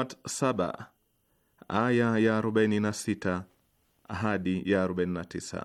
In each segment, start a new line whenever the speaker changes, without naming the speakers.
Surat 7 aya ya arobaini na sita hadi ya arobaini na 49.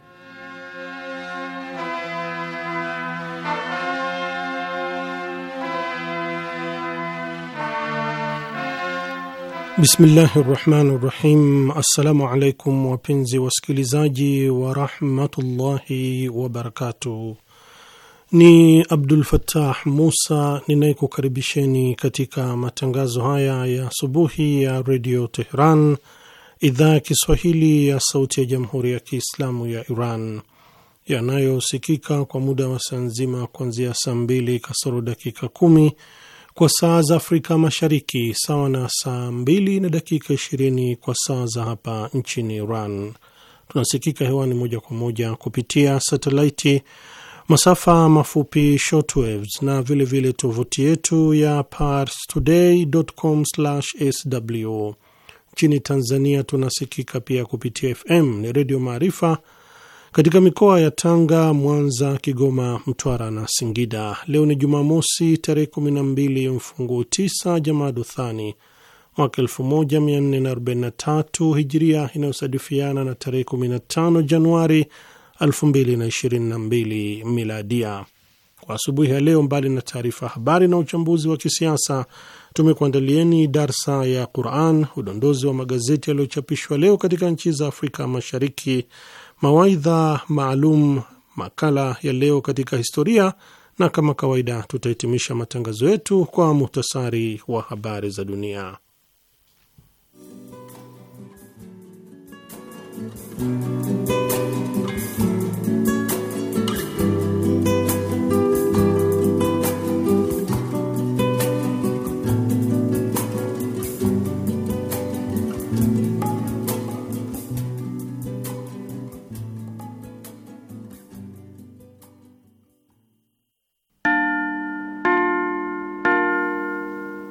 Bismillahi rahmani rahim. Assalamu alaikum wapenzi wasikilizaji warahmatullahi wabarakatuh. Ni Abdul fatah Musa ninayekukaribisheni katika matangazo haya ya asubuhi ya redio teheran idhaa ya Kiswahili ya sauti ya jamhuri ya Kiislamu ya Iran, yanayosikika kwa muda wa saa nzima kuanzia saa mbili kasoro dakika kumi kwa saa za Afrika Mashariki, sawa na saa mbili na dakika ishirini kwa saa za hapa nchini Iran. Tunasikika hewani moja kwa moja kupitia satelaiti, masafa mafupi shortwaves, na vilevile tovuti yetu ya parstoday.com/sw. Nchini Tanzania tunasikika pia kupitia FM ni Redio Maarifa katika mikoa ya Tanga, Mwanza, Kigoma, Mtwara na Singida. Leo ni Jumamosi tarehe mbili mfungu tisa Jamadu Thani mwaka 1443 Hijiria, inayosadifiana na tarehe 15 Januari mbili Miladia. Kwa asubuhi ya leo, mbali na taarifa habari na uchambuzi wa kisiasa, tumekuandalieni darsa ya Quran, udondozi wa magazeti yaliyochapishwa leo katika nchi za Afrika Mashariki, mawaidha maalum, makala ya leo katika historia, na kama kawaida tutahitimisha matangazo yetu kwa muhtasari wa habari za dunia.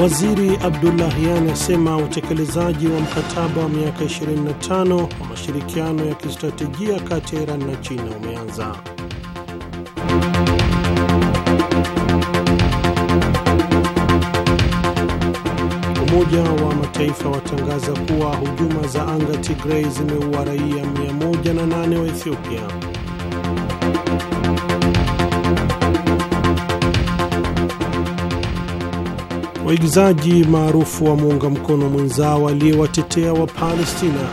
Waziri Abdullahyan asema utekelezaji wa mkataba wa miaka 25 wa mashirikiano ya kistratejia kati ya Iran na China umeanza. Umoja wa Mataifa watangaza kuwa hujuma za anga Tigrei zimeua raia 108 wa Ethiopia. waigizaji maarufu wa muunga mkono mwenzao aliyewatetea wa Palestina.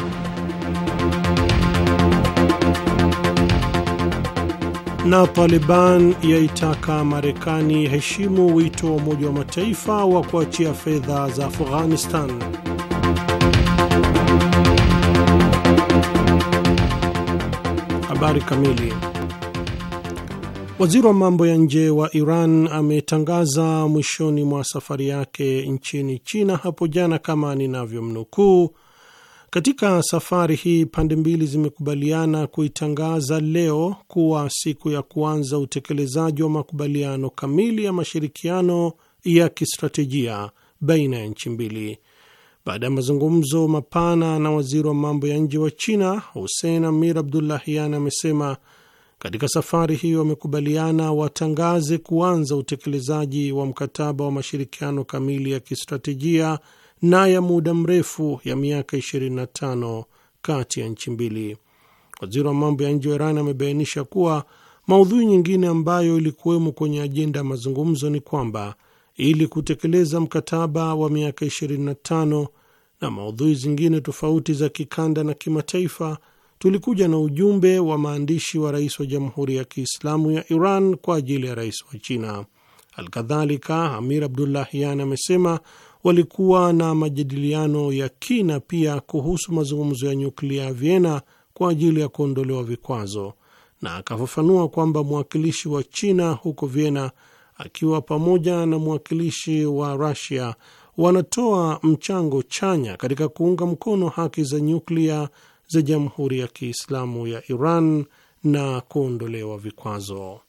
Na Taliban yaitaka Marekani heshimu wito wa Umoja wa Mataifa wa kuachia fedha za Afghanistan. Habari kamili Waziri wa mambo ya nje wa Iran ametangaza mwishoni mwa safari yake nchini China hapo jana, kama ninavyomnukuu: katika safari hii pande mbili zimekubaliana kuitangaza leo kuwa siku ya kuanza utekelezaji wa makubaliano kamili ya mashirikiano ya kistratejia baina ya nchi mbili. Baada ya mazungumzo mapana na waziri wa mambo ya nje wa China Hussein Amir Abdullahian amesema katika safari hiyo wamekubaliana watangaze kuanza utekelezaji wa mkataba wa mashirikiano kamili ya kistratejia na ya muda mrefu ya miaka 25 kati ya nchi mbili. Waziri wa mambo ya nje wa Iran amebainisha kuwa maudhui nyingine ambayo ilikuwemo kwenye ajenda ya mazungumzo ni kwamba ili kutekeleza mkataba wa miaka 25 na maudhui zingine tofauti za kikanda na kimataifa tulikuja na ujumbe wa maandishi wa rais wa Jamhuri ya Kiislamu ya Iran kwa ajili ya rais wa China. Alkadhalika, Amir Abdullahian amesema walikuwa na majadiliano ya kina pia kuhusu mazungumzo ya nyuklia ya Vienna kwa ajili ya kuondolewa vikwazo, na akafafanua kwamba mwakilishi wa China huko Vienna akiwa pamoja na mwakilishi wa rasia wanatoa mchango chanya katika kuunga mkono haki za nyuklia za Jamhuri ya Kiislamu ya Iran na kuondolewa vikwazo.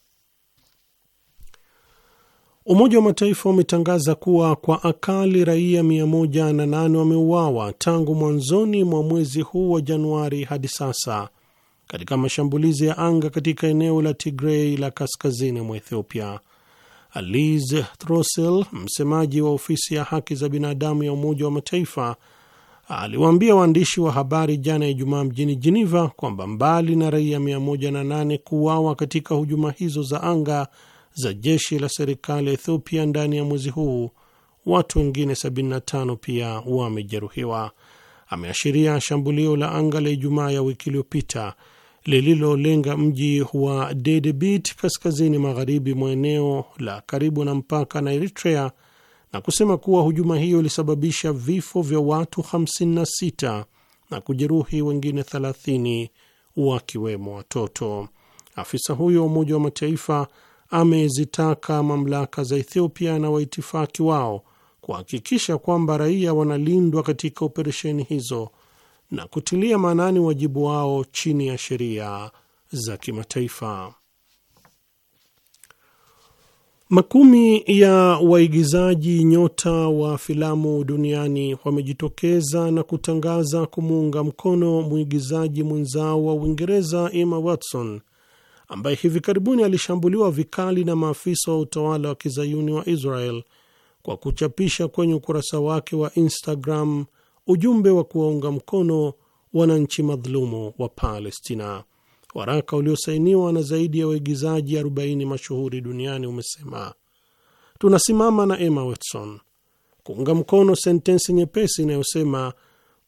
Umoja wa Mataifa umetangaza kuwa kwa akali raia 108 wameuawa tangu mwanzoni mwa mwezi huu wa Januari hadi sasa katika mashambulizi ya anga katika eneo la Tigrei la kaskazini mwa Ethiopia. Liz Throssell, msemaji wa ofisi ya haki za binadamu ya Umoja wa Mataifa, aliwaambia waandishi wa habari jana Ijumaa mjini Jeneva kwamba mbali na raia 108 kuuawa katika hujuma hizo za anga za jeshi la serikali ya Ethiopia ndani ya mwezi huu, watu wengine 75 pia wamejeruhiwa. Ameashiria shambulio la anga la Ijumaa ya wiki iliyopita lililolenga mji wa Dedebit kaskazini magharibi mwa eneo la karibu na mpaka na Eritrea na kusema kuwa hujuma hiyo ilisababisha vifo vya watu 56 na kujeruhi wengine 30 wakiwemo watoto. Afisa huyo wa Umoja wa Mataifa amezitaka mamlaka za Ethiopia na waitifaki wao kuhakikisha kwamba raia wanalindwa katika operesheni hizo na kutilia maanani wajibu wao chini ya sheria za kimataifa. Makumi ya waigizaji nyota wa filamu duniani wamejitokeza na kutangaza kumuunga mkono mwigizaji mwenzao wa Uingereza Emma Watson ambaye hivi karibuni alishambuliwa vikali na maafisa wa utawala wa kizayuni wa Israel kwa kuchapisha kwenye ukurasa wake wa Instagram ujumbe wa kuwaunga mkono wananchi madhulumu wa Palestina. Waraka uliosainiwa na zaidi ya waigizaji 40 mashuhuri duniani umesema, tunasimama na Emma Watson kuunga mkono sentensi nyepesi inayosema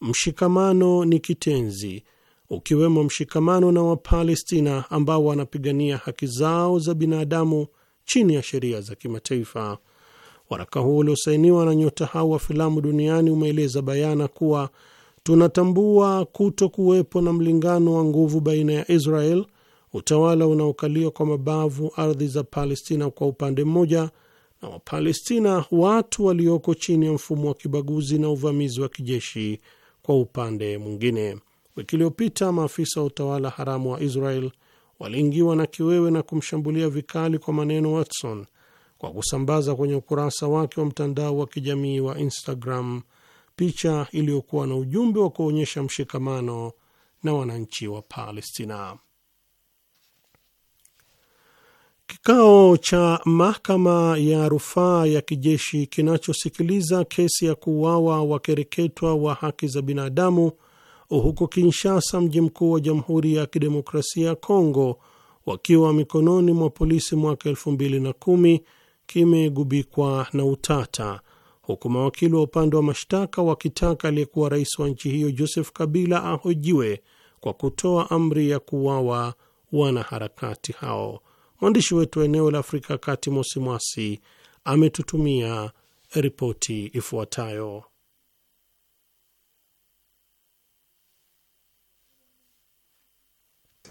mshikamano ni kitenzi, ukiwemo mshikamano na Wapalestina ambao wanapigania haki zao za binadamu chini ya sheria za kimataifa. Waraka huo uliosainiwa na nyota hao wa filamu duniani umeeleza bayana kuwa tunatambua kuto kuwepo na mlingano wa nguvu baina ya Israel, utawala unaokalia kwa mabavu ardhi za Palestina kwa upande mmoja, na Wapalestina watu walioko chini ya mfumo wa kibaguzi na uvamizi wa kijeshi kwa upande mwingine. Wiki iliyopita maafisa wa utawala haramu wa Israel waliingiwa na kiwewe na kumshambulia vikali kwa maneno Watson kwa kusambaza kwenye ukurasa wake wa mtandao wa kijamii wa Instagram picha iliyokuwa na ujumbe wa kuonyesha mshikamano na wananchi wa Palestina. Kikao cha mahakama ya rufaa ya kijeshi kinachosikiliza kesi ya kuuawa wakereketwa wa haki za binadamu huko Kinshasa, mji mkuu wa Jamhuri ya Kidemokrasia ya Kongo, wakiwa mikononi mwa polisi mwaka elfu mbili na kumi kimegubikwa na utata huku mawakili wa upande wa mashtaka wakitaka aliyekuwa rais wa nchi hiyo Joseph Kabila ahojiwe kwa kutoa amri ya kuuawa wanaharakati hao. Mwandishi wetu wa eneo la Afrika Kati, Mosi Mwasi, ametutumia ripoti ifuatayo.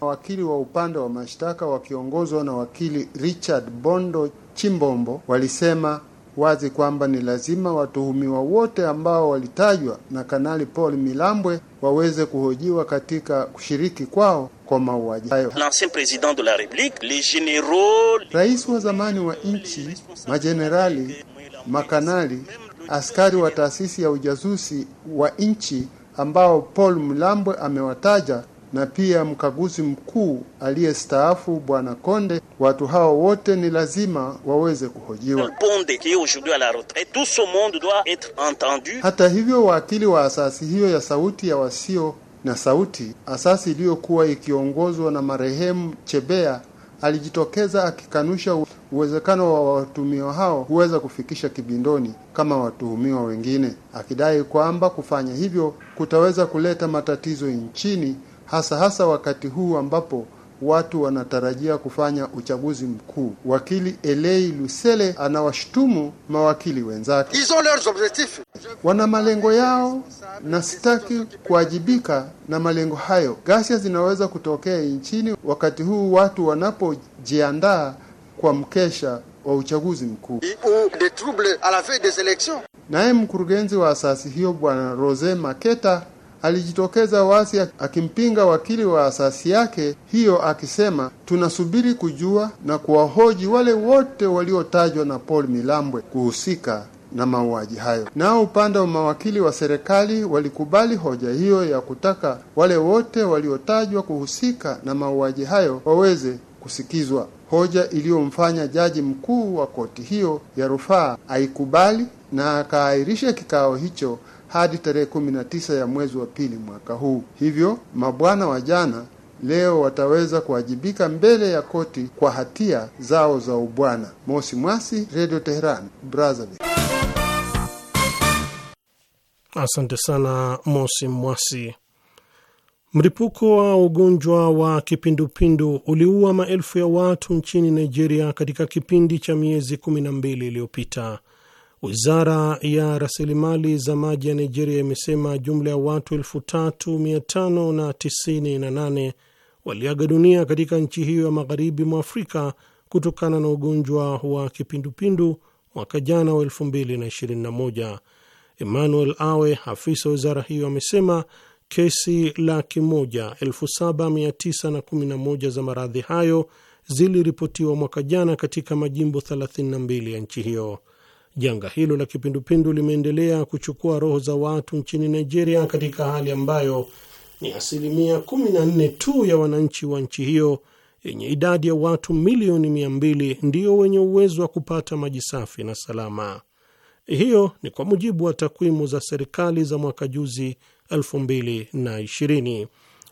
Mawakili wa upande wa mashtaka wakiongozwa na wakili Richard Bondo Chimbombo walisema wazi kwamba ni lazima watuhumiwa wote ambao walitajwa na Kanali Paul Milambwe waweze kuhojiwa katika kushiriki kwao kwa mauaji hayo. Rais wa zamani wa nchi, majenerali, makanali, askari wa taasisi ya ujasusi wa nchi ambao Paul Milambwe amewataja na pia mkaguzi mkuu aliyestaafu Bwana Konde. Watu hao wote ni lazima waweze kuhojiwa. Hata hivyo, wakili wa asasi hiyo ya sauti ya wasio na sauti, asasi iliyokuwa ikiongozwa na marehemu Chebea, alijitokeza akikanusha uwezekano wa watuhumiwa hao kuweza kufikisha kibindoni kama watuhumiwa wengine, akidai kwamba kufanya hivyo kutaweza kuleta matatizo nchini hasa hasa wakati huu ambapo watu wanatarajia kufanya uchaguzi mkuu. Wakili Elei Lusele anawashutumu mawakili wenzake, wana malengo yao na sitaki kuwajibika na malengo hayo. Ghasia zinaweza kutokea nchini wakati huu watu wanapojiandaa kwa mkesha wa uchaguzi mkuu. Naye mkurugenzi wa asasi hiyo Bwana Rose Maketa alijitokeza wazi akimpinga wakili wa asasi yake hiyo, akisema tunasubiri kujua na kuwahoji wale wote waliotajwa na Paul Milambwe kuhusika na mauaji hayo. Nao upande wa mawakili wa serikali walikubali hoja hiyo ya kutaka wale wote waliotajwa kuhusika na mauaji hayo waweze kusikizwa, hoja iliyomfanya jaji mkuu wa koti hiyo ya rufaa aikubali na akaahirisha kikao hicho hadi tarehe kumi na tisa ya mwezi wa pili mwaka huu. Hivyo mabwana wa jana leo wataweza kuwajibika mbele ya koti kwa hatia zao za ubwana. Mosi Mwasi, Redio Teheran, Brazzaville.
Asante sana Mosi Mwasi. Mlipuko wa ugonjwa wa kipindupindu uliua maelfu ya watu nchini Nigeria katika kipindi cha miezi kumi na mbili iliyopita. Wizara ya rasilimali za maji ya Nigeria imesema jumla ya watu 3598 waliaga dunia katika nchi hiyo ya magharibi mwa Afrika kutokana na ugonjwa wa kipindupindu mwaka jana wa 2021. Emmanuel Awe, afisa wa wizara hiyo, amesema kesi laki moja elfu saba mia tisa na kumi na moja za maradhi hayo ziliripotiwa mwaka jana katika majimbo 32 ya nchi hiyo. Janga hilo la kipindupindu limeendelea kuchukua roho za watu nchini Nigeria, katika hali ambayo ni asilimia 14 tu ya wananchi wa nchi hiyo yenye idadi ya watu milioni 200 ndiyo wenye uwezo wa kupata maji safi na salama. Hiyo ni kwa mujibu wa takwimu za serikali za mwaka juzi 2020.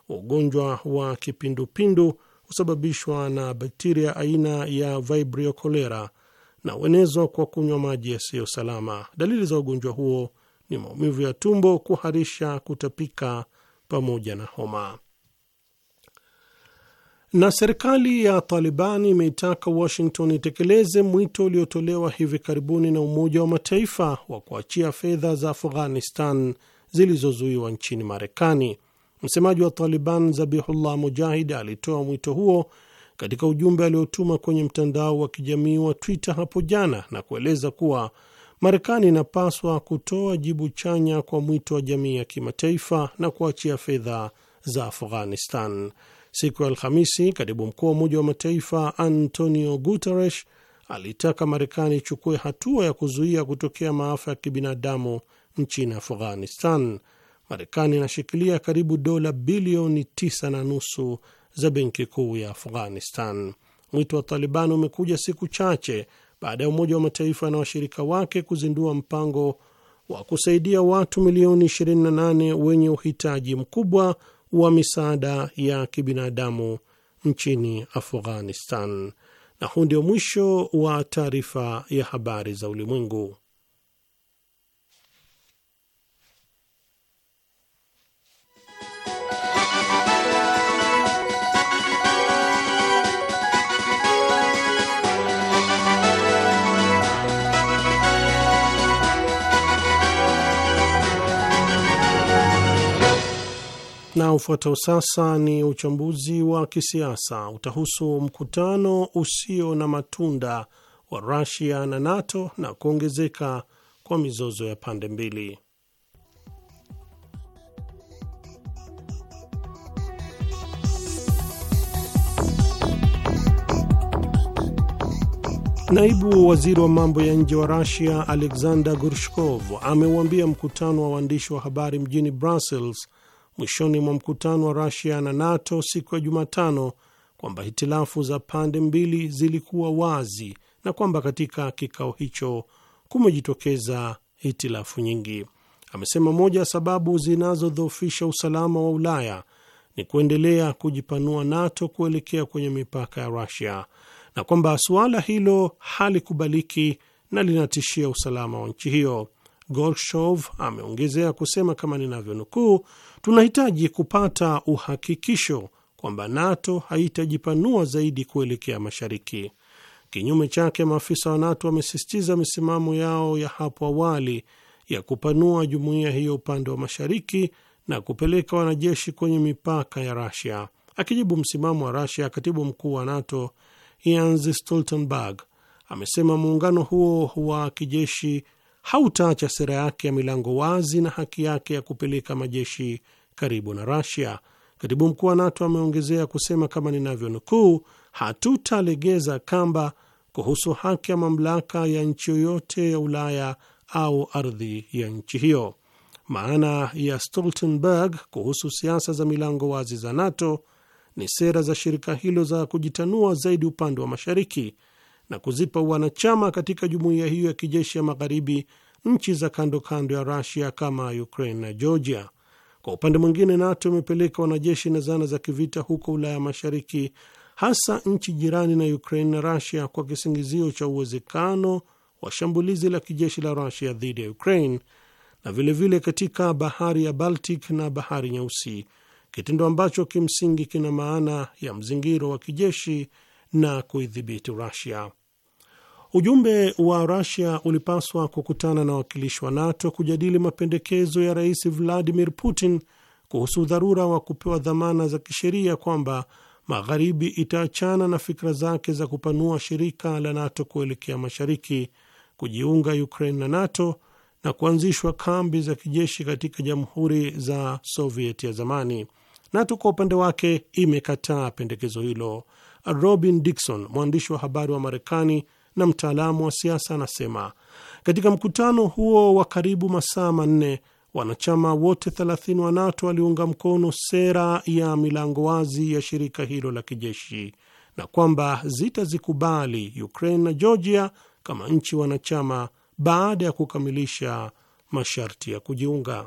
Ugonjwa wa kipindupindu husababishwa na bakteria aina ya Vibrio na uenezwa kwa kunywa maji yasiyo salama. Dalili za ugonjwa huo ni maumivu ya tumbo, kuharisha, kutapika pamoja na homa. Na serikali ya Taliban imeitaka Washington itekeleze mwito uliotolewa hivi karibuni na Umoja wa Mataifa wa kuachia fedha za Afghanistan zilizozuiwa nchini Marekani. Msemaji wa Taliban Zabihullah Mujahid alitoa mwito huo katika ujumbe aliotuma kwenye mtandao wa kijamii wa Twitter hapo jana na kueleza kuwa Marekani inapaswa kutoa jibu chanya kwa mwito wa jamii ya kimataifa na kuachia fedha za Afghanistan. Siku ya Alhamisi, katibu mkuu wa Umoja wa Mataifa Antonio Guterres alitaka Marekani ichukue hatua ya kuzuia kutokea maafa ya kibinadamu nchini Afghanistan. Marekani inashikilia karibu dola bilioni tisa na nusu za benki kuu ya Afghanistan. Mwito wa Taliban umekuja siku chache baada ya Umoja wa Mataifa na washirika wake kuzindua mpango wa kusaidia watu milioni 28 wenye uhitaji mkubwa wa misaada ya kibinadamu nchini Afghanistan. Na huu ndio mwisho wa taarifa ya habari za ulimwengu. Na ufuatao sasa ni uchambuzi wa kisiasa utahusu mkutano usio na matunda wa Rusia na NATO na kuongezeka kwa mizozo ya pande mbili. Naibu waziri wa mambo ya nje wa Rusia Alexander Gurshkov ameuambia mkutano wa waandishi wa habari mjini Brussels mwishoni mwa mkutano wa Rusia na NATO siku ya Jumatano kwamba hitilafu za pande mbili zilikuwa wazi na kwamba katika kikao hicho kumejitokeza hitilafu nyingi. Amesema moja ya sababu zinazodhoofisha usalama wa Ulaya ni kuendelea kujipanua NATO kuelekea kwenye mipaka ya Rusia na kwamba suala hilo halikubaliki na linatishia usalama wa nchi hiyo. Gorshov ameongezea kusema kama ninavyonukuu, tunahitaji kupata uhakikisho kwamba NATO haitajipanua zaidi kuelekea mashariki. Kinyume chake, maafisa wa NATO wamesisitiza misimamo yao ya hapo awali ya kupanua jumuiya hiyo upande wa mashariki na kupeleka wanajeshi kwenye mipaka ya rasia Akijibu msimamo wa rasia katibu mkuu wa NATO Jens Stoltenberg amesema muungano huo wa kijeshi hautaacha sera yake ya milango wazi na haki yake ya kupeleka majeshi karibu na Rasia. Katibu mkuu wa NATO ameongezea kusema kama ninavyonukuu, hatutalegeza kamba kuhusu haki ya mamlaka ya nchi yoyote ya Ulaya au ardhi ya nchi hiyo. Maana ya Stoltenberg kuhusu siasa za milango wazi za NATO ni sera za shirika hilo za kujitanua zaidi upande wa mashariki na kuzipa wanachama katika jumuiya hiyo ya kijeshi ya magharibi nchi za kando kando ya Rusia kama Ukraine na Georgia. Kwa upande mwingine, NATO imepeleka wanajeshi na zana za kivita huko Ulaya Mashariki, hasa nchi jirani na Ukraine na Rusia, kwa kisingizio cha uwezekano wa shambulizi la kijeshi la Rusia dhidi ya Ukraine na vilevile vile katika bahari ya Baltic na bahari Nyeusi, kitendo ambacho kimsingi kina maana ya mzingiro wa kijeshi na kuidhibiti Rusia. Ujumbe wa Rusia ulipaswa kukutana na wakilishi wa NATO kujadili mapendekezo ya Rais Vladimir Putin kuhusu dharura wa kupewa dhamana za kisheria kwamba Magharibi itaachana na fikra zake za kupanua shirika la NATO kuelekea mashariki, kujiunga Ukraine na NATO na kuanzishwa kambi za kijeshi katika jamhuri za Soviet ya zamani. NATO kwa upande wake imekataa pendekezo hilo. Robin Dixon, mwandishi wa habari wa Marekani na mtaalamu wa siasa anasema katika mkutano huo wa karibu masaa manne wanachama wote 30 wa NATO waliunga mkono sera ya milango wazi ya shirika hilo la kijeshi na kwamba zitazikubali Ukraine na Georgia kama nchi wanachama baada ya kukamilisha masharti ya kujiunga.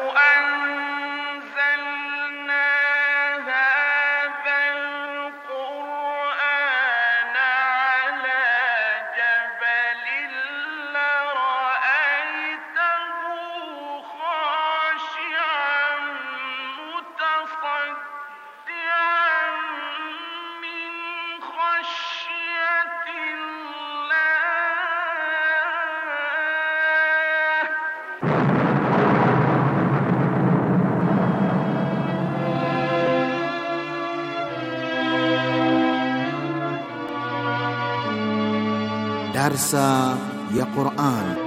darsa ya Quran.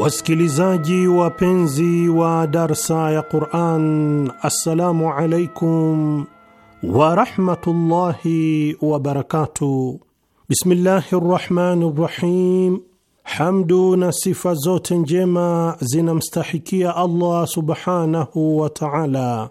Wasikilizaji wapenzi wa darsa ya Quran, assalamu alaikum wa rahmatullahi wa barakatuh. Bismillahi rahmani rahim. Hamdu na sifa zote njema zinamstahikia Allah subhanahu wa taala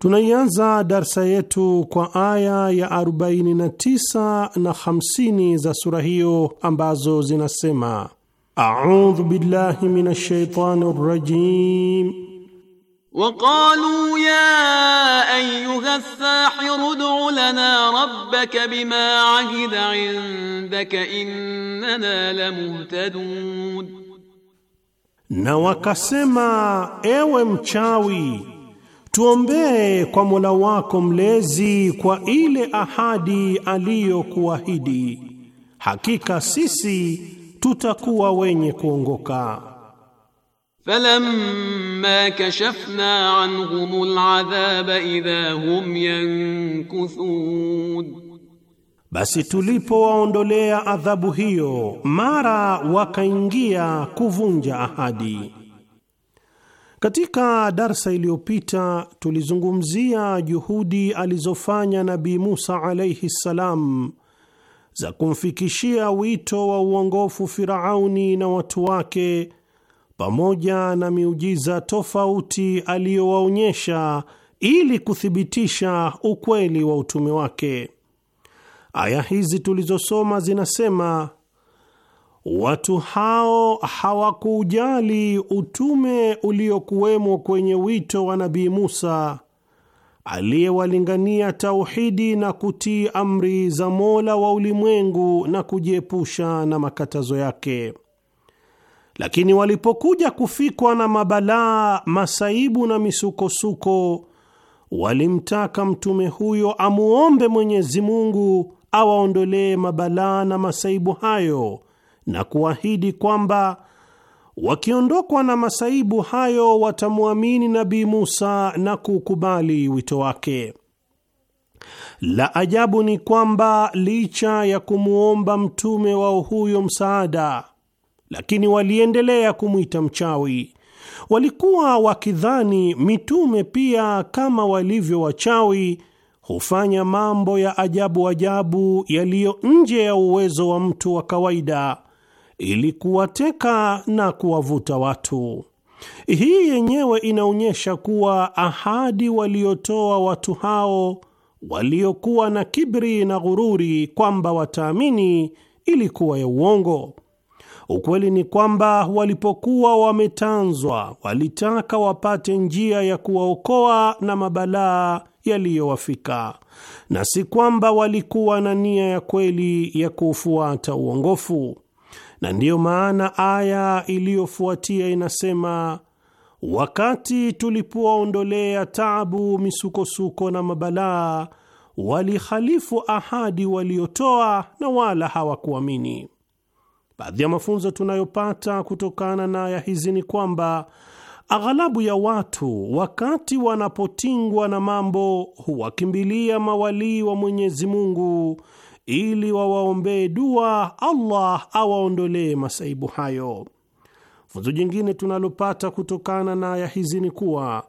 Tunaianza darsa yetu kwa aya ya 49 na 50 za sura hiyo ambazo zinasema: audhu billahi minash shaitani rajim waqalu
ya ayyuha sahiru ud'u lana rabbaka bima ahida indaka innana lamuhtadun,
na wakasema ewe mchawi Tuombee kwa Mola wako mlezi kwa ile ahadi aliyokuahidi, hakika sisi tutakuwa wenye kuongoka.
Falamma kashafna anhum aladhaba idha hum yankuthun,
basi tulipowaondolea adhabu hiyo mara wakaingia kuvunja ahadi. Katika darsa iliyopita tulizungumzia juhudi alizofanya Nabii Musa alaihi ssalam za kumfikishia wito wa uongofu Firauni na watu wake, pamoja na miujiza tofauti aliyowaonyesha ili kuthibitisha ukweli wa utume wake. Aya hizi tulizosoma zinasema Watu hao hawakuujali utume uliokuwemo kwenye wito wa Nabii Musa aliyewalingania tauhidi na kutii amri za Mola wa ulimwengu na kujiepusha na makatazo yake. Lakini walipokuja kufikwa na mabalaa, masaibu na misukosuko, walimtaka mtume huyo amuombe Mwenyezi Mungu awaondolee mabalaa na masaibu hayo na kuahidi kwamba wakiondokwa na masaibu hayo watamwamini Nabii Musa na kukubali wito wake. La ajabu ni kwamba licha ya kumwomba mtume wao huyo msaada, lakini waliendelea kumwita mchawi. Walikuwa wakidhani mitume pia kama walivyo wachawi hufanya mambo ya ajabu ajabu yaliyo nje ya uwezo wa mtu wa kawaida ili kuwateka na kuwavuta watu. Hii yenyewe inaonyesha kuwa ahadi waliotoa watu hao waliokuwa na kibri na ghururi kwamba wataamini ilikuwa ya uongo. Ukweli ni kwamba walipokuwa wametanzwa, walitaka wapate njia ya kuwaokoa na mabalaa yaliyowafika, na si kwamba walikuwa na nia ya kweli ya kuufuata uongofu na ndiyo maana aya iliyofuatia inasema, wakati tulipowaondolea taabu, misukosuko na mabalaa, walihalifu ahadi waliotoa na wala hawakuamini. Baadhi ya mafunzo tunayopata kutokana na aya hizi ni kwamba aghalabu ya watu wakati wanapotingwa na mambo huwakimbilia mawalii wa Mwenyezi Mungu ili wawaombee dua Allah awaondolee masaibu hayo. Funzo jingine tunalopata kutokana na aya hizi ni kuwa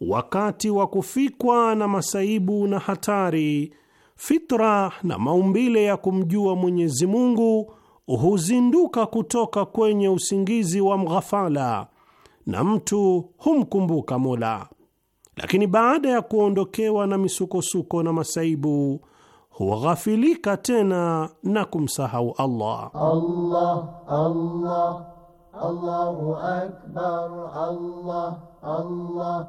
wakati wa kufikwa na masaibu na hatari, fitra na maumbile ya kumjua Mwenyezi Mungu huzinduka kutoka kwenye usingizi wa mghafala na mtu humkumbuka Mola, lakini baada ya kuondokewa na misukosuko na masaibu huwaghafilika tena na kumsahau Allah.
Allah, Allah, Allahu akbar, Allah, Allah,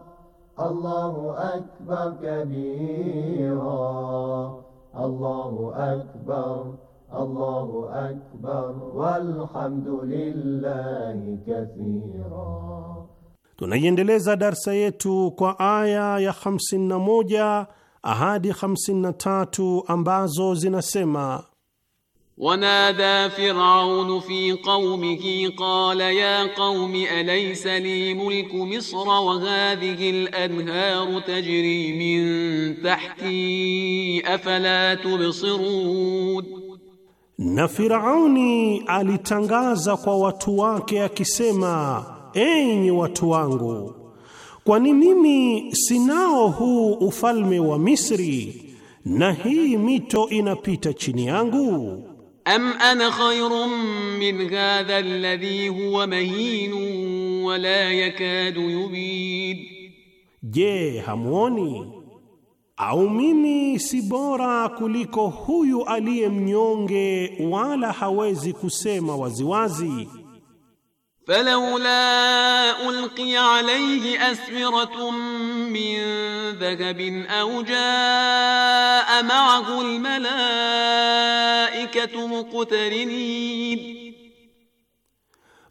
Allahu akbar kabira, Allahu akbar Allahu akbar walhamdulillahi kathira.
Tunaiendeleza darsa yetu kwa aya ya 51 ahadi 53 ambazo zinasema
Wanada Firaun fi qaumihi qala ya qaumi alaysa li mulku misra wa hadhihi al anhar tajri min tahti afala tubsirun,
na Firauni alitangaza kwa watu wake akisema, enyi watu wangu kwani mimi sinao huu ufalme wa Misri na hii mito inapita chini yangu?
Am ana khayrun min hadha alladhi huwa mahinun wa la yakadu yubid,
je, hamuoni au mimi si bora kuliko huyu aliye mnyonge wala hawezi kusema waziwazi wazi.
Falaula ulqiya alayhi aswiratun min dhahabin au jaa ma'ahu almalaikatu
muqtarinin,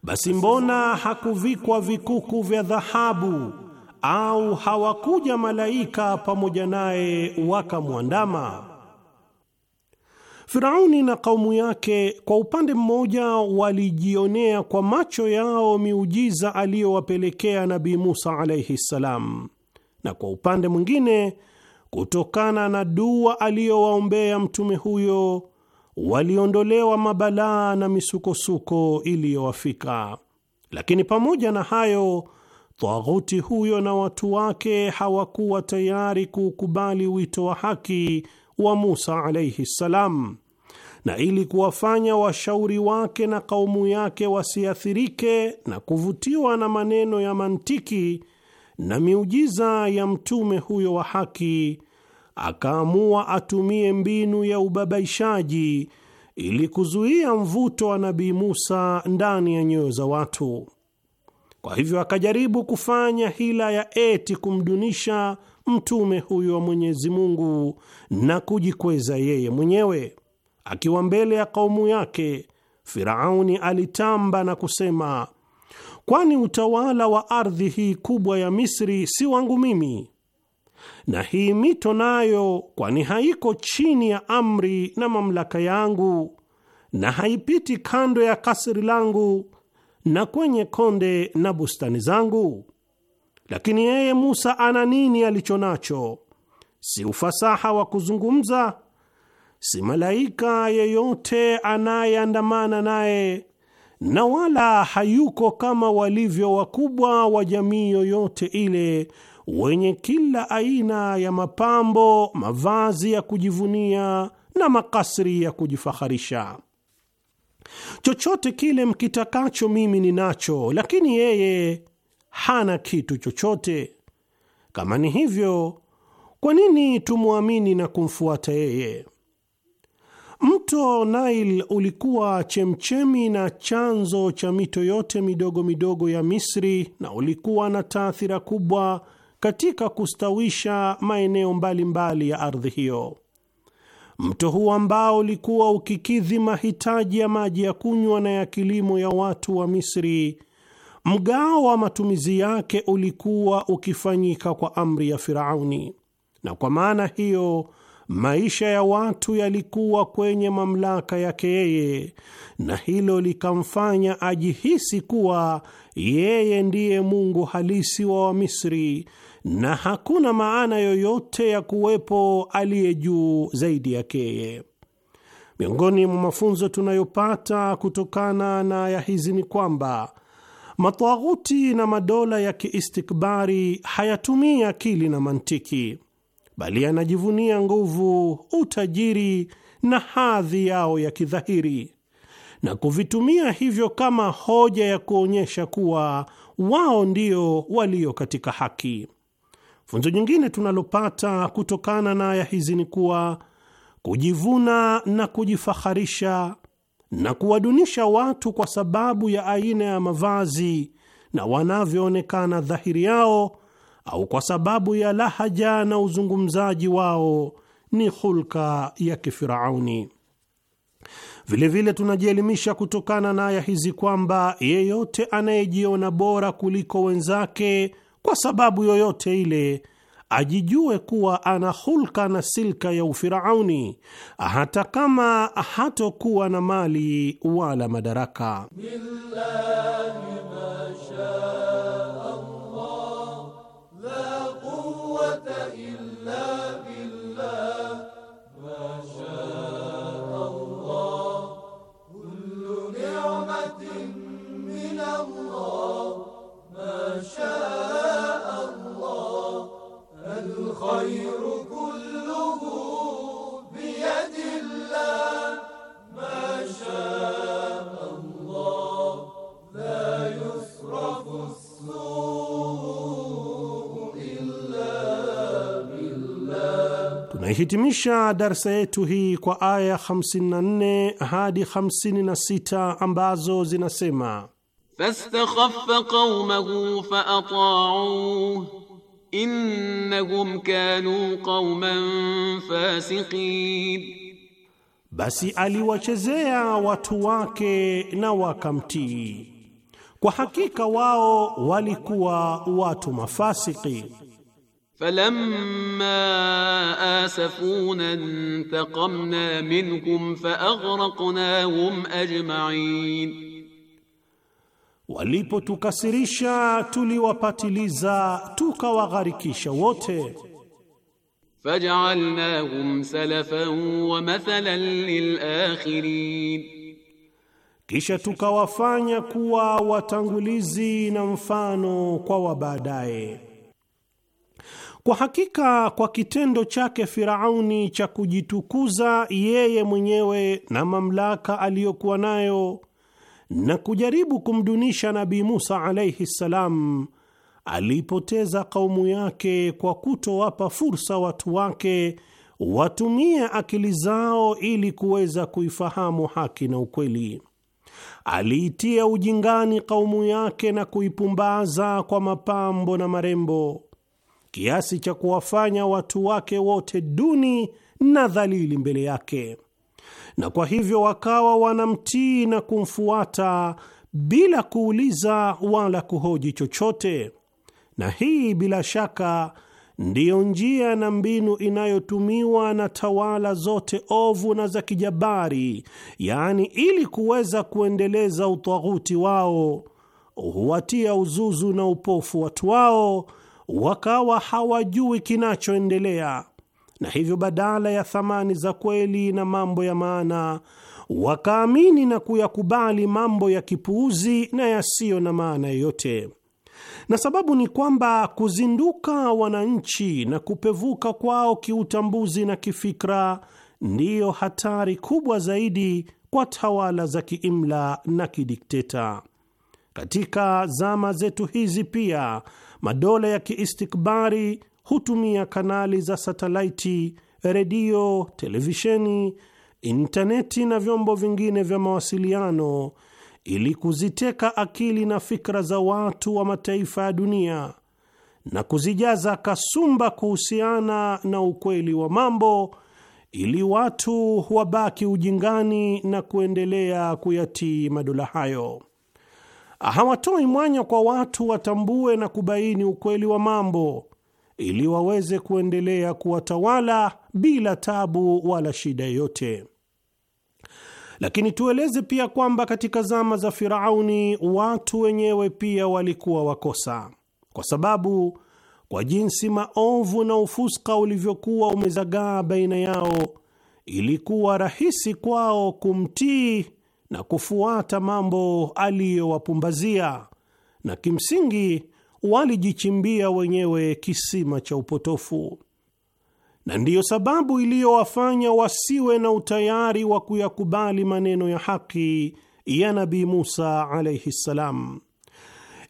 basi mbona hakuvikwa vikuku vya dhahabu au hawakuja malaika pamoja naye wakamwandama? Firauni na kaumu yake kwa upande mmoja walijionea kwa macho yao miujiza aliyowapelekea Nabii Musa alaihi ssalam, na kwa upande mwingine, kutokana na dua aliyowaombea mtume huyo, waliondolewa mabalaa na misukosuko iliyowafika. Lakini pamoja na hayo, taghuti huyo na watu wake hawakuwa tayari kuukubali wito wa haki wa Musa alaihi ssalam na ili kuwafanya washauri wake na kaumu yake wasiathirike na kuvutiwa na maneno ya mantiki na miujiza ya mtume huyo wa haki, akaamua atumie mbinu ya ubabaishaji ili kuzuia mvuto wa Nabii Musa ndani ya nyoyo za watu. Kwa hivyo akajaribu kufanya hila ya eti kumdunisha mtume huyo wa Mwenyezi Mungu na kujikweza yeye mwenyewe akiwa mbele ya kaumu yake, Firauni alitamba na kusema, kwani utawala wa ardhi hii kubwa ya Misri si wangu mimi? Na hii mito nayo, kwani haiko chini ya amri na mamlaka yangu, na haipiti kando ya kasri langu na kwenye konde na bustani zangu? Lakini yeye Musa ana nini alicho nacho? Si ufasaha wa kuzungumza si malaika yeyote anayeandamana naye na wala hayuko kama walivyo wakubwa wa jamii yoyote ile, wenye kila aina ya mapambo, mavazi ya kujivunia na makasri ya kujifaharisha. Chochote kile mkitakacho mimi ninacho, lakini yeye hana kitu chochote. Kama ni hivyo, kwa nini tumwamini na kumfuata yeye? Mto Nile ulikuwa chemchemi na chanzo cha mito yote midogo midogo ya Misri na ulikuwa na taathira kubwa katika kustawisha maeneo mbalimbali mbali ya ardhi hiyo. Mto huu ambao ulikuwa ukikidhi mahitaji ya maji ya kunywa na ya kilimo ya watu wa Misri, mgao wa matumizi yake ulikuwa ukifanyika kwa amri ya Firauni, na kwa maana hiyo maisha ya watu yalikuwa kwenye mamlaka yake yeye, na hilo likamfanya ajihisi kuwa yeye ndiye Mungu halisi wa Wamisri na hakuna maana yoyote ya kuwepo aliye juu zaidi yake yeye. Miongoni mwa mafunzo tunayopata kutokana na ya hizi ni kwamba matawuti na madola ya kiistikbari hayatumii akili na mantiki bali anajivunia nguvu, utajiri na hadhi yao ya kidhahiri na kuvitumia hivyo kama hoja ya kuonyesha kuwa wao ndio walio katika haki. Funzo nyingine tunalopata kutokana na aya hizi ni kuwa kujivuna na kujifaharisha na kuwadunisha watu kwa sababu ya aina ya mavazi na wanavyoonekana dhahiri yao au kwa sababu ya lahaja na uzungumzaji wao, ni hulka ya kifirauni. Vilevile tunajielimisha kutokana na aya hizi kwamba yeyote anayejiona bora kuliko wenzake kwa sababu yoyote ile ajijue kuwa ana hulka na silka ya ufirauni hata kama hatokuwa na mali wala madaraka Billahi
إلا بالله ما شاء الله كل نعمة من الله ما شاء الله الخير
كله
بيد الله ما شاء الله
Tunaihitimisha darsa yetu hii kwa aya 54 hadi 56 ambazo zinasema:
fastakhaffa qaumahu faata'uhu innahum kanu qauman fasiqin,
basi aliwachezea watu wake na wakamtii, kwa hakika wao walikuwa watu mafasiki.
فلما اسفونا انتقمنا منهم فاغرقناهم اجمعين
walipotukasirisha tuliwapatiliza tukawagharikisha wote
فجعلناهم سلفا ومثلا للآخرين
kisha tukawafanya kuwa watangulizi na mfano kwa wabaadaye Kwa hakika kwa kitendo chake Firauni cha kujitukuza yeye mwenyewe na mamlaka aliyokuwa nayo na kujaribu kumdunisha Nabii Musa alaihi ssalam, aliipoteza kaumu yake kwa kutowapa fursa watu wake watumie akili zao ili kuweza kuifahamu haki na ukweli. Aliitia ujingani kaumu yake na kuipumbaza kwa mapambo na marembo kiasi cha kuwafanya watu wake wote duni na dhalili mbele yake, na kwa hivyo wakawa wanamtii na kumfuata bila kuuliza wala kuhoji chochote. Na hii bila shaka ndiyo njia na mbinu inayotumiwa na tawala zote ovu na za kijabari, yaani ili kuweza kuendeleza utaghuti wao, huwatia uzuzu na upofu watu wao wakawa hawajui kinachoendelea, na hivyo badala ya thamani za kweli na mambo ya maana wakaamini na kuyakubali mambo ya kipuuzi na yasiyo na maana yoyote. Na sababu ni kwamba kuzinduka wananchi na kupevuka kwao kiutambuzi na kifikra ndiyo hatari kubwa zaidi kwa tawala za kiimla na kidikteta. Katika zama zetu hizi pia madola ya kiistikbari hutumia kanali za satelaiti, redio, televisheni, intaneti na vyombo vingine vya mawasiliano ili kuziteka akili na fikra za watu wa mataifa ya dunia na kuzijaza kasumba kuhusiana na ukweli wa mambo ili watu wabaki ujingani na kuendelea kuyatii madola hayo hawatoi mwanya kwa watu watambue na kubaini ukweli wa mambo ili waweze kuendelea kuwatawala bila tabu wala shida yoyote. Lakini tueleze pia kwamba katika zama za Firauni watu wenyewe pia walikuwa wakosa, kwa sababu kwa jinsi maovu na ufuska ulivyokuwa umezagaa baina yao, ilikuwa rahisi kwao kumtii na kufuata mambo aliyowapumbazia, na kimsingi walijichimbia wenyewe kisima cha upotofu, na ndiyo sababu iliyowafanya wasiwe na utayari wa kuyakubali maneno ya haki ya Nabii Musa alaihi ssalam.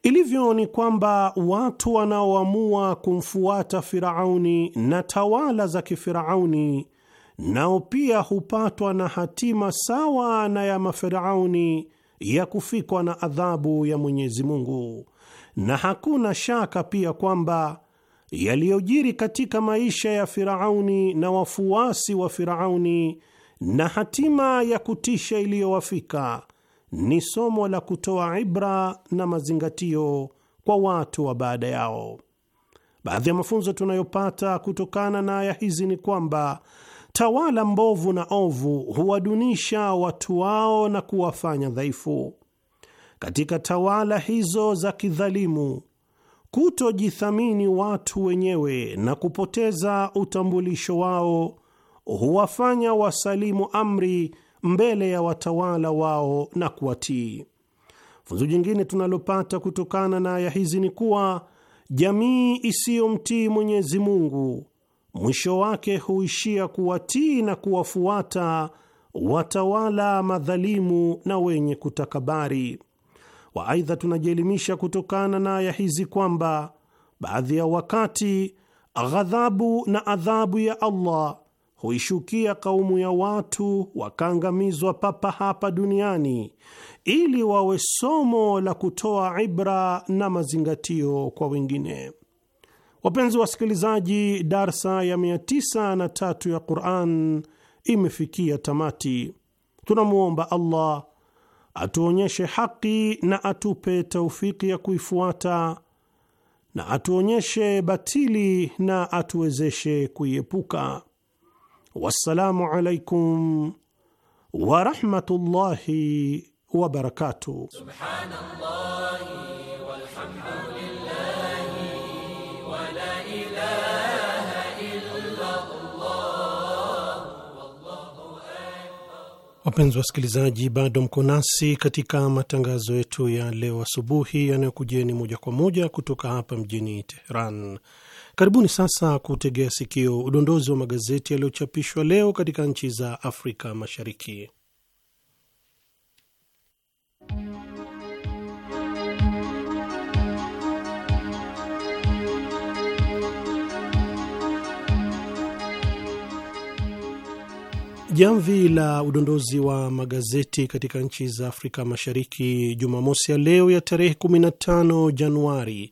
Ilivyo ni kwamba watu wanaoamua kumfuata Firauni na tawala za kifirauni nao pia hupatwa na hatima sawa na ya mafirauni ya kufikwa na adhabu ya Mwenyezi Mungu. Na hakuna shaka pia kwamba yaliyojiri katika maisha ya Firauni na wafuasi wa Firauni na hatima ya kutisha iliyowafika ni somo la kutoa ibra na mazingatio kwa watu wa baada yao. Baadhi ya mafunzo tunayopata kutokana na aya hizi ni kwamba Tawala mbovu na ovu huwadunisha watu wao na kuwafanya dhaifu. Katika tawala hizo za kidhalimu, kutojithamini watu wenyewe na kupoteza utambulisho wao huwafanya wasalimu amri mbele ya watawala wao na kuwatii. Funzo jingine tunalopata kutokana na aya hizi ni kuwa jamii isiyomtii Mwenyezi Mungu mwisho wake huishia kuwatii na kuwafuata watawala madhalimu na wenye kutakabari wa. Aidha, tunajielimisha kutokana na aya hizi kwamba baadhi ya wakati ghadhabu na adhabu ya Allah huishukia kaumu ya watu wakaangamizwa papa hapa duniani, ili wawe somo la kutoa ibra na mazingatio kwa wengine. Wapenzi wasikilizaji, darsa ya 903 ya Quran imefikia tamati. Tunamwomba Allah atuonyeshe haki na atupe taufiki ya kuifuata na atuonyeshe batili na atuwezeshe kuiepuka. Wassalamu alaikum warahmatullahi wabarakatuh. Subhanallah. Wapenzi wasikilizaji, bado mko nasi katika matangazo yetu ya leo asubuhi yanayokujieni moja kwa moja kutoka hapa mjini Teheran. Karibuni sasa kutegea sikio udondozi wa magazeti yaliyochapishwa leo katika nchi za Afrika Mashariki. Jamvi la udondozi wa magazeti katika nchi za Afrika Mashariki Jumamosi ya leo ya tarehe 15 Januari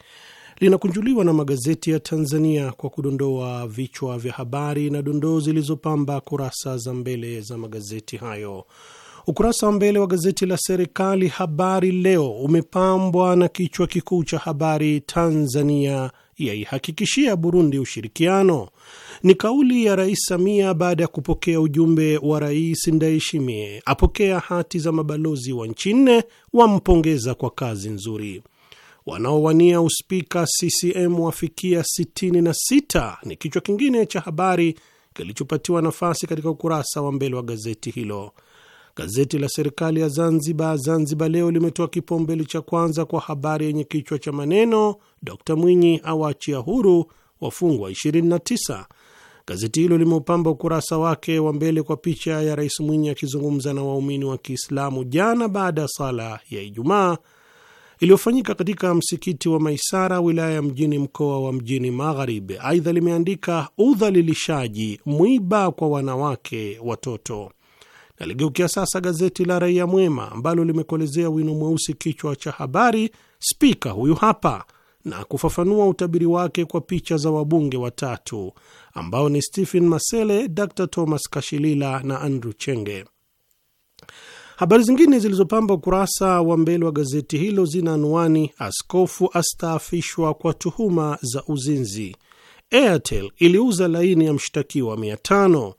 linakunjuliwa na magazeti ya Tanzania kwa kudondoa vichwa vya habari na dondoo zilizopamba kurasa za mbele za magazeti hayo. Ukurasa wa mbele wa gazeti la serikali Habari Leo umepambwa na kichwa kikuu cha habari, Tanzania yaihakikishia Burundi ushirikiano. Ni kauli ya Rais Samia baada ya kupokea ujumbe wa Rais Ndayishimiye. Apokea hati za mabalozi wa nchi nne, wampongeza kwa kazi nzuri. Wanaowania uspika CCM wafikia 66 ni kichwa kingine cha habari kilichopatiwa nafasi katika ukurasa wa mbele wa gazeti hilo. Gazeti la serikali ya Zanzibar, Zanzibar Leo, limetoa kipaumbele cha kwanza kwa habari yenye kichwa cha maneno Dkt Mwinyi awaachia huru wafungwa 29. Gazeti hilo limeupamba ukurasa wake wa mbele kwa picha ya Rais Mwinyi akizungumza na waumini wa Kiislamu jana baada ya sala ya Ijumaa iliyofanyika katika msikiti wa Maisara, wilaya ya Mjini, mkoa wa Mjini Magharibi. Aidha limeandika udhalilishaji mwiba kwa wanawake, watoto Naligeukia sasa gazeti la Raia Mwema ambalo limekolezea wino mweusi kichwa cha habari, spika huyu hapa, na kufafanua utabiri wake kwa picha za wabunge watatu ambao ni Stephen Masele, Dr Thomas Kashilila na Andrew Chenge. Habari zingine zilizopamba ukurasa wa mbele wa gazeti hilo zina anwani: askofu astaafishwa kwa tuhuma za uzinzi, Airtel iliuza laini ya mshtakiwa mia tano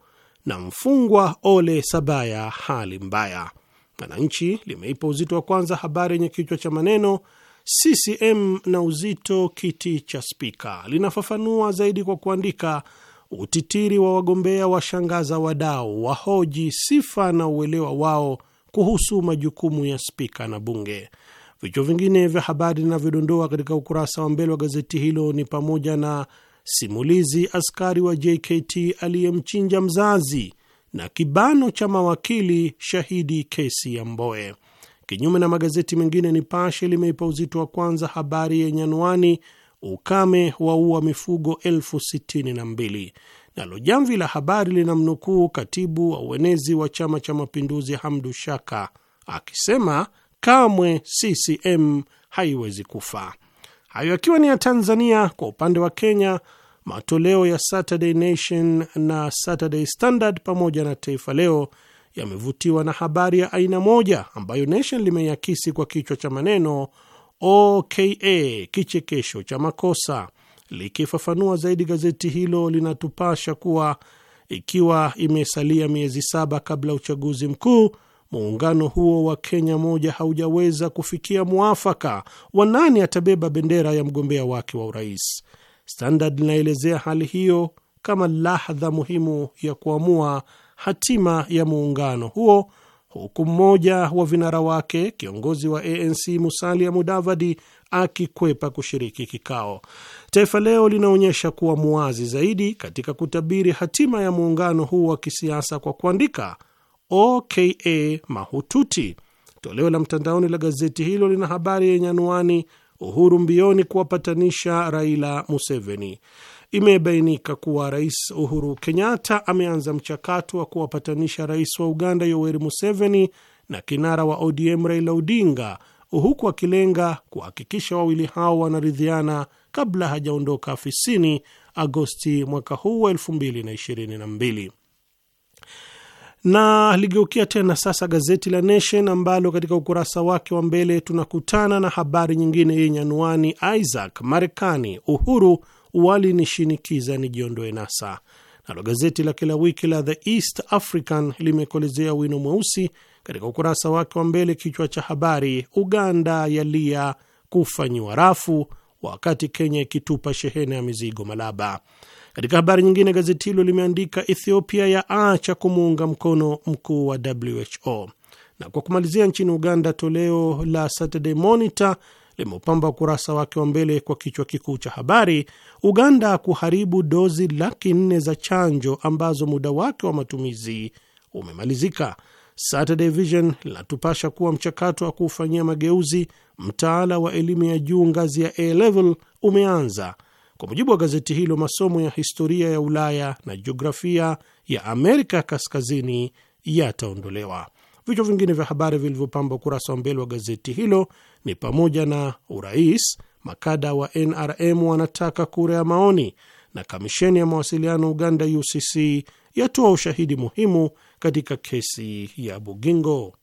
na mfungwa Ole Sabaya hali mbaya. Mwananchi limeipa uzito wa kwanza habari yenye kichwa cha maneno CCM na uzito kiti cha spika. Linafafanua zaidi kwa kuandika, utitiri wa wagombea washangaza wadau, wahoji sifa na uelewa wao kuhusu majukumu ya spika na bunge. Vichwa vingine vya habari linavyodondoa katika ukurasa wa mbele wa gazeti hilo ni pamoja na simulizi askari wa JKT aliyemchinja mzazi na kibano cha mawakili shahidi kesi ya Mboe. Kinyume na magazeti mengine, Nipashe limeipa uzito wa kwanza habari yenye anwani ukame waua mifugo elfu sitini na mbili. Nalo Jamvi la Habari linamnukuu katibu wa uenezi wa Chama cha Mapinduzi Hamdu Shaka akisema kamwe CCM haiwezi kufa hayo yakiwa ni ya Tanzania. Kwa upande wa Kenya, matoleo ya Saturday Nation na Saturday Standard pamoja na Taifa Leo yamevutiwa na habari ya aina moja ambayo Nation limeiakisi kwa kichwa cha maneno OKA, kichekesho cha makosa. Likifafanua zaidi, gazeti hilo linatupasha kuwa ikiwa imesalia miezi saba kabla uchaguzi mkuu muungano huo wa Kenya moja haujaweza kufikia mwafaka wa nani atabeba bendera ya mgombea wake wa urais. Standard linaelezea hali hiyo kama lahdha muhimu ya kuamua hatima ya muungano huo, huku mmoja wa vinara wake kiongozi wa ANC Musalia Mudavadi akikwepa kushiriki kikao. Taifa Leo linaonyesha kuwa muwazi zaidi katika kutabiri hatima ya muungano huu wa kisiasa kwa kuandika OKA mahututi. Toleo la mtandaoni la gazeti hilo lina habari yenye anwani Uhuru mbioni kuwapatanisha Raila Museveni. Imebainika kuwa Rais Uhuru Kenyatta ameanza mchakato wa kuwapatanisha rais wa Uganda Yoweri Museveni na kinara wa ODM Raila Odinga, huku akilenga kuhakikisha wawili hao wanaridhiana kabla hajaondoka afisini Agosti mwaka huu wa 222 na ligeukia tena sasa gazeti la Nation ambalo katika ukurasa wake wa mbele tunakutana na habari nyingine yenye anuani Isaac Marekani, Uhuru walinishinikiza nijiondoe NASA. Nalo gazeti la kila wiki la The East African limekolezea wino mweusi katika ukurasa wake wa mbele kichwa cha habari, Uganda yalia kufanyiwa rafu wakati Kenya ikitupa shehena ya mizigo Malaba. Katika habari nyingine, gazeti hilo limeandika Ethiopia ya acha kumuunga mkono mkuu wa WHO. Na kwa kumalizia, nchini Uganda, toleo la Saturday Monitor limeupamba ukurasa wake wa mbele kwa kichwa kikuu cha habari, Uganda kuharibu dozi laki nne za chanjo ambazo muda wake wa matumizi umemalizika. Saturday Vision linatupasha kuwa mchakato wa kuufanyia mageuzi mtaala wa elimu ya juu ngazi ya A level umeanza kwa mujibu wa gazeti hilo, masomo ya historia ya Ulaya na jiografia ya Amerika Kaskazini yataondolewa. Vichwa vingine vya habari vilivyopamba ukurasa wa mbele wa gazeti hilo ni pamoja na urais, makada wa NRM wanataka kura ya maoni, na kamisheni ya mawasiliano Uganda UCC yatoa ushahidi muhimu katika kesi ya Bugingo.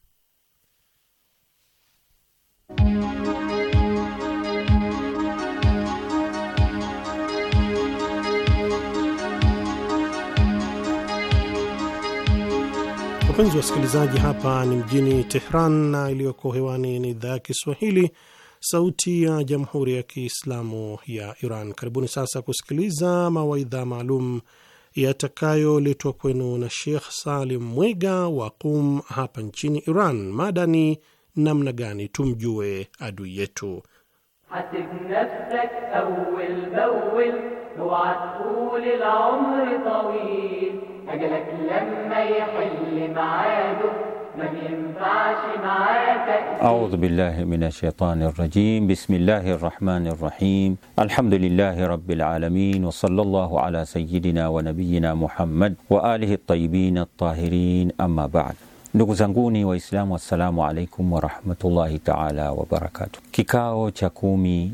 Wapenzi wasikilizaji, hapa ni mjini Tehran na iliyoko hewani ni idhaa ya Kiswahili, Sauti ya Jamhuri ya Kiislamu ya Iran. Karibuni sasa kusikiliza mawaidha maalum yatakayoletwa kwenu na shekh Salim Mwega wa Qum hapa nchini Iran. Mada ni namna gani tumjue adui yetu.
حاسب نفسك أول بأول اوعى تقول العمر طويل أجلك لما يحل ميعاده
ما بينفعش أعوذ بالله من الشيطان الرجيم بسم الله الرحمن الرحيم الحمد لله رب العالمين وصلى الله على سيدنا ونبينا محمد وآله الطيبين الطاهرين أما بعد Ndugu zanguni Waislamu, assalamu alaikum warahmatullahi taala wabarakatuh. Kikao cha kumi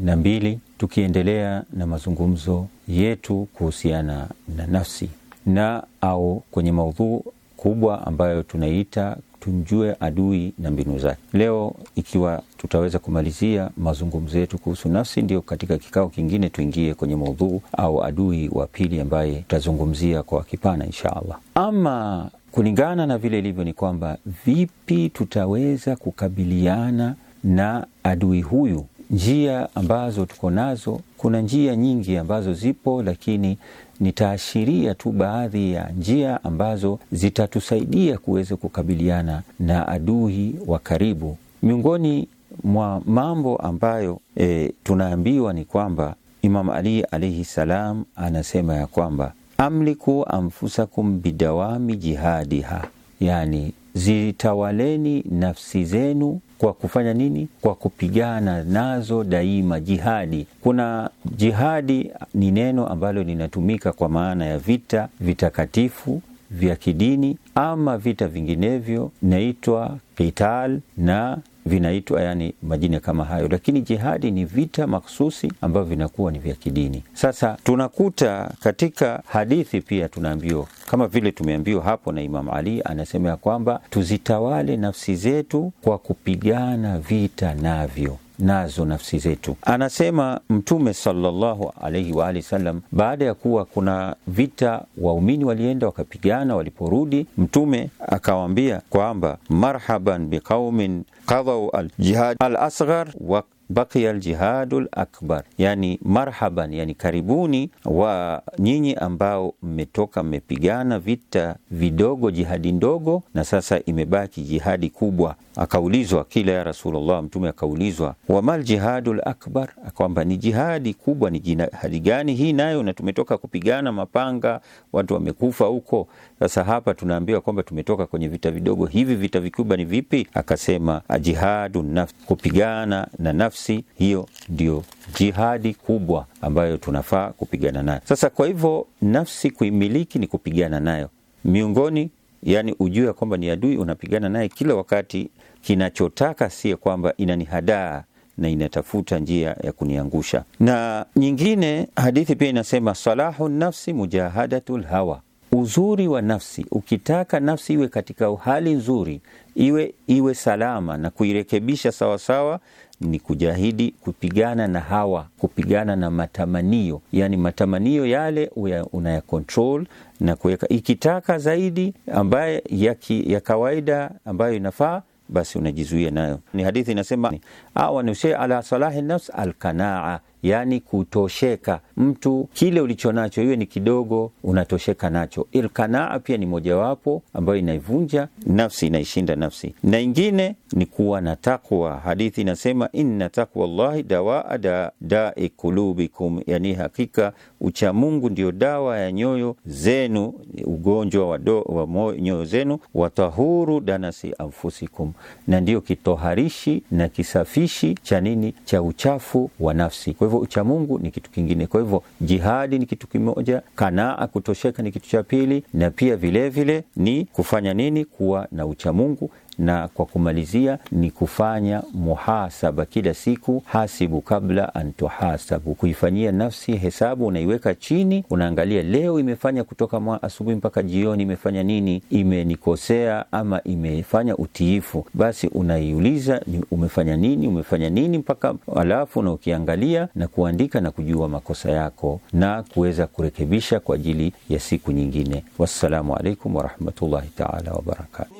na mbili tukiendelea na mazungumzo yetu kuhusiana na nafsi na au kwenye maudhuu kubwa ambayo tunaita tumjue adui na mbinu zake. Leo ikiwa tutaweza kumalizia mazungumzo yetu kuhusu nafsi, ndio katika kikao kingine tuingie kwenye maudhuu au adui wa pili, ambaye tutazungumzia kwa kipana insha Allah. Ama kulingana na vile ilivyo, ni kwamba vipi tutaweza kukabiliana na adui huyu. Njia ambazo tuko nazo kuna njia nyingi ambazo zipo, lakini nitaashiria tu baadhi ya njia ambazo zitatusaidia kuweza kukabiliana na adui wa karibu. Miongoni mwa mambo ambayo e, tunaambiwa ni kwamba Imam Ali alaihi salam anasema ya kwamba amliku anfusakum bidawami jihadiha, yani zitawaleni nafsi zenu kwa kufanya nini? Kwa kupigana nazo daima, jihadi. Kuna jihadi ni neno ambalo linatumika kwa maana ya vita vitakatifu vya kidini ama vita vinginevyo inaitwa kital na vinaitwa yani majina kama hayo, lakini jihadi ni vita makhususi ambavyo vinakuwa ni vya kidini. Sasa tunakuta katika hadithi pia tunaambiwa kama vile tumeambiwa hapo na Imam Ali anasema ya kwamba tuzitawale nafsi zetu kwa kupigana vita navyo nazo nafsi zetu. Anasema Mtume sallallahu alaihi wa alihi wasallam, baada ya kuwa kuna vita waumini walienda wakapigana, waliporudi Mtume akawaambia kwamba marhaban biqaumin qadau aljihad alasghar wa baqiya aljihadu lakbar yani marhaban, yani karibuni wa nyinyi ambao mmetoka mmepigana vita vidogo, jihadi ndogo, na sasa imebaki jihadi kubwa. Akaulizwa kila ya Rasulullah, Mtume akaulizwa wamal jihadul akbar, kwamba ni jihadi kubwa, ni jihadi gani hii nayo, na tumetoka kupigana mapanga, watu wamekufa huko sasa hapa tunaambiwa kwamba tumetoka kwenye vita vidogo hivi, vita vikubwa ni vipi? Akasema jihadu nafsi, kupigana na nafsi, hiyo ndio jihadi kubwa ambayo tunafaa kupigana nayo. Sasa kwa hivyo nafsi kuimiliki ni kupigana nayo miongoni, yani ujue ya kwamba ni adui unapigana naye kila wakati. Kinachotaka sie kwamba inanihadaa na inatafuta njia ya kuniangusha. Na nyingine hadithi pia inasema salahu nafsi mujahadatu lhawa uzuri wa nafsi. Ukitaka nafsi iwe katika hali nzuri, iwe iwe salama na kuirekebisha sawasawa, ni kujahidi kupigana na hawa, kupigana na matamanio. Yani matamanio yale unayakontrol na kuweka, ikitaka zaidi ambaye ya, ki, ya kawaida ambayo inafaa basi unajizuia nayo. Ni hadithi inasema awanushe ala salahi nafs alqanaa yaani kutosheka. Mtu kile ulicho nacho iwe ni kidogo, unatosheka nacho. Ilkanaa pia ni mojawapo ambayo inaivunja nafsi, inaishinda nafsi, na ingine ni kuwa na takwa. Hadithi inasema inna takwa llahi dawaa da, dai kulubikum, yani hakika uchamungu ndio dawa ya nyoyo zenu, ugonjwa wa, do, wa nyoyo zenu, watahuru danasi anfusikum, na ndiyo kitoharishi na kisafishi cha nini, cha uchafu wa nafsi. Kwa hivyo Mungu ni kitu kingine. Kwa hivyo jihadi ni kitu kimoja, kanaa kutosheka ni kitu cha pili, na pia vilevile vile, ni kufanya nini? Kuwa na uchamungu na kwa kumalizia ni kufanya muhasaba kila siku, hasibu kabla antuhasabu, kuifanyia nafsi hesabu, unaiweka chini, unaangalia leo imefanya kutoka mwa asubuhi mpaka jioni, imefanya nini, imenikosea ama imefanya utiifu. Basi unaiuliza umefanya nini, umefanya nini mpaka, alafu na ukiangalia na kuandika na kujua makosa yako na kuweza kurekebisha kwa ajili ya siku nyingine. Wassalamu alaikum warahmatullahi taala wabarakatu.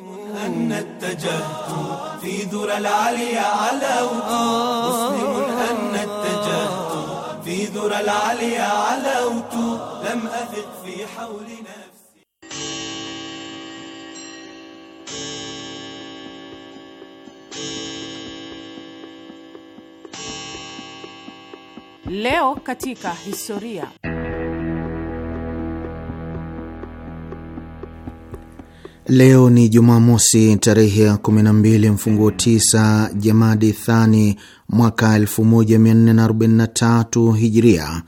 أن اتجهت في ذرى العلي علوت مسلم أن اتجهت في ذرى العلي علوت لم أثق
في حول نفسي
Leo katika historia.
Leo ni Jumamosi tarehe ya 12 mfunguo 9 Jamadi Thani mwaka 1443 Hijria,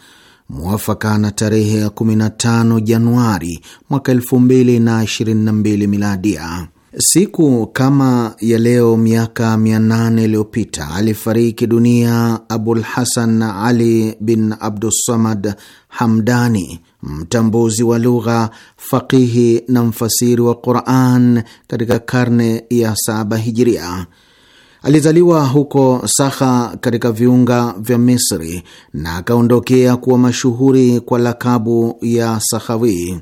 mwafaka na tarehe ya 15 Januari mwaka 2022 Miladia. Siku kama ya leo miaka 800 iliyopita alifariki dunia Abul Hasan Ali bin Abdussamad Hamdani, mtambuzi wa lugha, faqihi na mfasiri wa Quran katika karne ya saba Hijiria. Alizaliwa huko Sakha katika viunga vya Misri na akaondokea kuwa mashuhuri kwa lakabu ya Sakhawi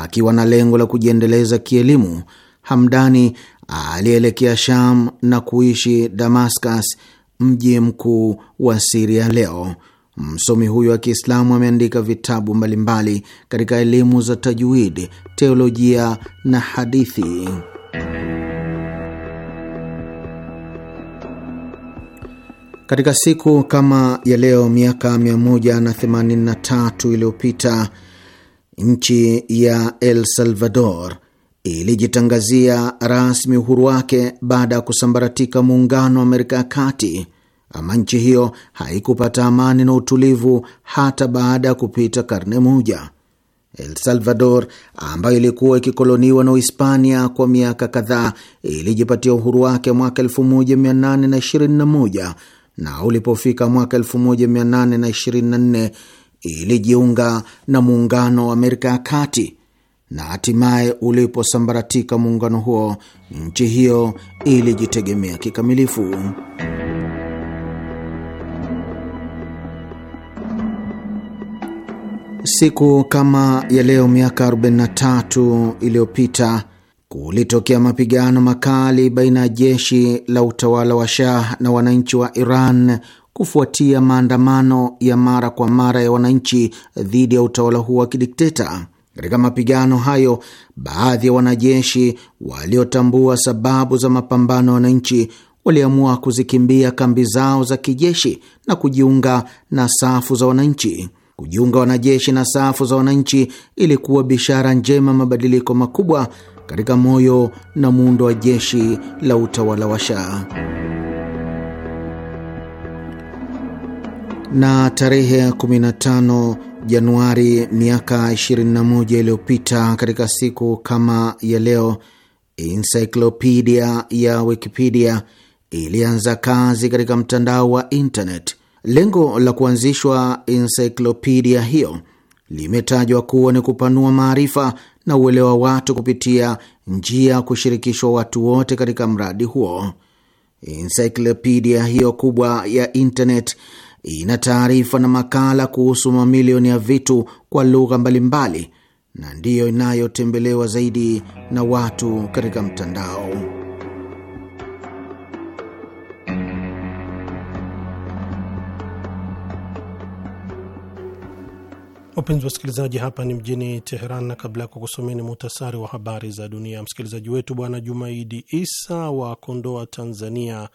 akiwa na lengo la kujiendeleza kielimu. Hamdani alielekea Sham na kuishi Damascus, mji mkuu wa Siria leo. Msomi huyo wa Kiislamu ameandika vitabu mbalimbali katika elimu za tajwid, teolojia na hadithi. Katika siku kama ya leo miaka 183 iliyopita nchi ya El Salvador ilijitangazia rasmi uhuru wake baada ya kusambaratika muungano wa Amerika ya Kati, ama nchi hiyo haikupata amani na utulivu hata baada ya kupita karne moja. El Salvador ambayo ilikuwa ikikoloniwa na Uhispania kwa miaka kadhaa ilijipatia uhuru wake mwaka 1821 na ulipofika mwaka 1824 ilijiunga na muungano wa Amerika ya Kati na hatimaye uliposambaratika muungano huo, nchi hiyo ilijitegemea kikamilifu. Siku kama ya leo miaka 43 iliyopita kulitokea mapigano makali baina ya jeshi la utawala wa Shah na wananchi wa Iran kufuatia maandamano ya mara kwa mara ya wananchi dhidi ya utawala huo wa kidikteta. Katika mapigano hayo, baadhi ya wanajeshi waliotambua sababu za mapambano ya wananchi waliamua kuzikimbia kambi zao za kijeshi na kujiunga na safu za wananchi. Kujiunga wanajeshi na safu za wananchi ilikuwa bishara njema, mabadiliko makubwa katika moyo na muundo wa jeshi la utawala wa Shah. Na tarehe 15 Januari miaka 21 iliyopita katika siku kama ya leo, encyclopedia ya Wikipedia ilianza kazi katika mtandao wa internet. Lengo la kuanzishwa encyclopedia hiyo limetajwa kuwa ni kupanua maarifa na uelewa watu kupitia njia ya kushirikishwa watu wote katika mradi huo. Encyclopedia hiyo kubwa ya internet ina taarifa na makala kuhusu mamilioni ya vitu kwa lugha mbalimbali na ndiyo inayotembelewa zaidi na watu katika mtandao.
Wapenzi wasikilizaji, hapa ni mjini Teheran, na kabla ya kukusomeni muhtasari wa habari za dunia, msikilizaji wetu Bwana Jumaidi Isa wa Kondoa, Tanzania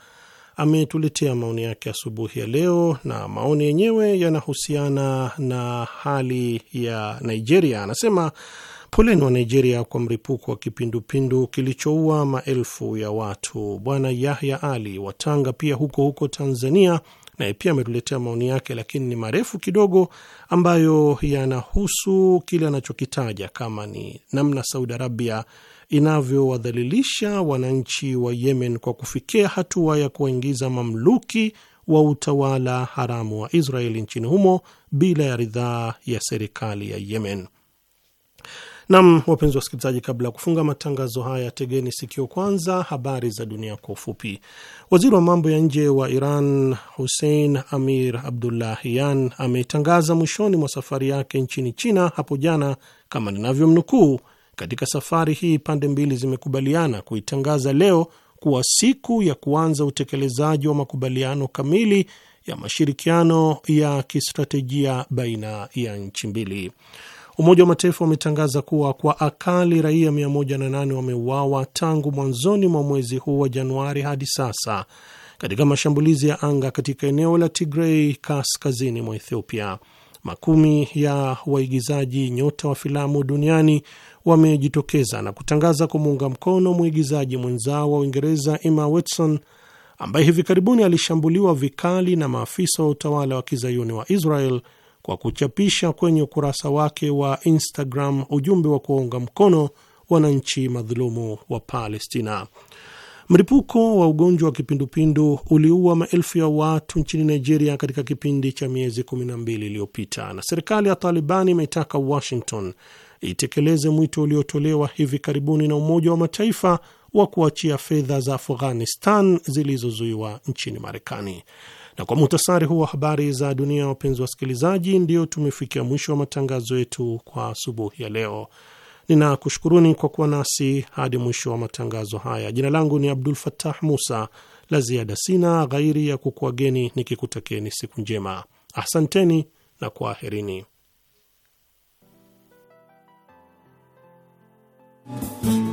ametuletea maoni yake asubuhi ya leo, na maoni yenyewe yanahusiana na hali ya Nigeria. Anasema poleni wa Nigeria kwa mripuko wa kipindupindu kilichoua maelfu ya watu. Bwana Yahya Ali wa Tanga, pia huko huko Tanzania, naye pia ametuletea maoni yake, lakini ni marefu kidogo, ambayo yanahusu kile anachokitaja kama ni namna Saudi Arabia inavyowadhalilisha wananchi wa Yemen kwa kufikia hatua ya kuwaingiza mamluki wa utawala haramu wa Israeli nchini humo bila ya ridhaa ya serikali ya Yemen. Nam, wapenzi wasikilizaji, kabla ya kufunga matangazo haya, tegeni sikio kwanza habari za dunia kwa ufupi. Waziri wa mambo ya nje wa Iran Hussein Amir Abdullahian ametangaza mwishoni mwa safari yake nchini China hapo jana, kama ninavyomnukuu katika safari hii pande mbili zimekubaliana kuitangaza leo kuwa siku ya kuanza utekelezaji wa makubaliano kamili ya mashirikiano ya kistratejia baina ya nchi mbili. Umoja wa Mataifa umetangaza kuwa kwa akali raia 108 wameuawa tangu mwanzoni mwa mwezi huu wa Januari hadi sasa katika mashambulizi ya anga katika eneo la Tigrei kaskazini mwa Ethiopia. Makumi ya waigizaji nyota wa filamu duniani wamejitokeza na kutangaza kumuunga mkono mwigizaji mwenzao wa Uingereza Emma Watson ambaye hivi karibuni alishambuliwa vikali na maafisa wa utawala wa kizayuni wa Israel kwa kuchapisha kwenye ukurasa wake wa Instagram ujumbe wa kuwaunga mkono wananchi madhulumu wa Palestina. Mlipuko wa ugonjwa wa kipindupindu uliua maelfu ya watu nchini Nigeria katika kipindi cha miezi 12 iliyopita, na serikali ya Talibani imetaka Washington itekeleze mwito uliotolewa hivi karibuni na Umoja wa Mataifa wa kuachia fedha za Afghanistan zilizozuiwa nchini Marekani. Na kwa muhtasari huu wa habari za dunia, wapenzi wasikilizaji, ndio tumefikia mwisho wa matangazo yetu kwa asubuhi ya leo. Ninakushukuruni kwa kuwa nasi hadi mwisho wa matangazo haya. Jina langu ni Abdul fatah Musa. La ziada sina, ghairi ya kukuageni nikikutakieni siku njema. Asanteni na kwaherini. Música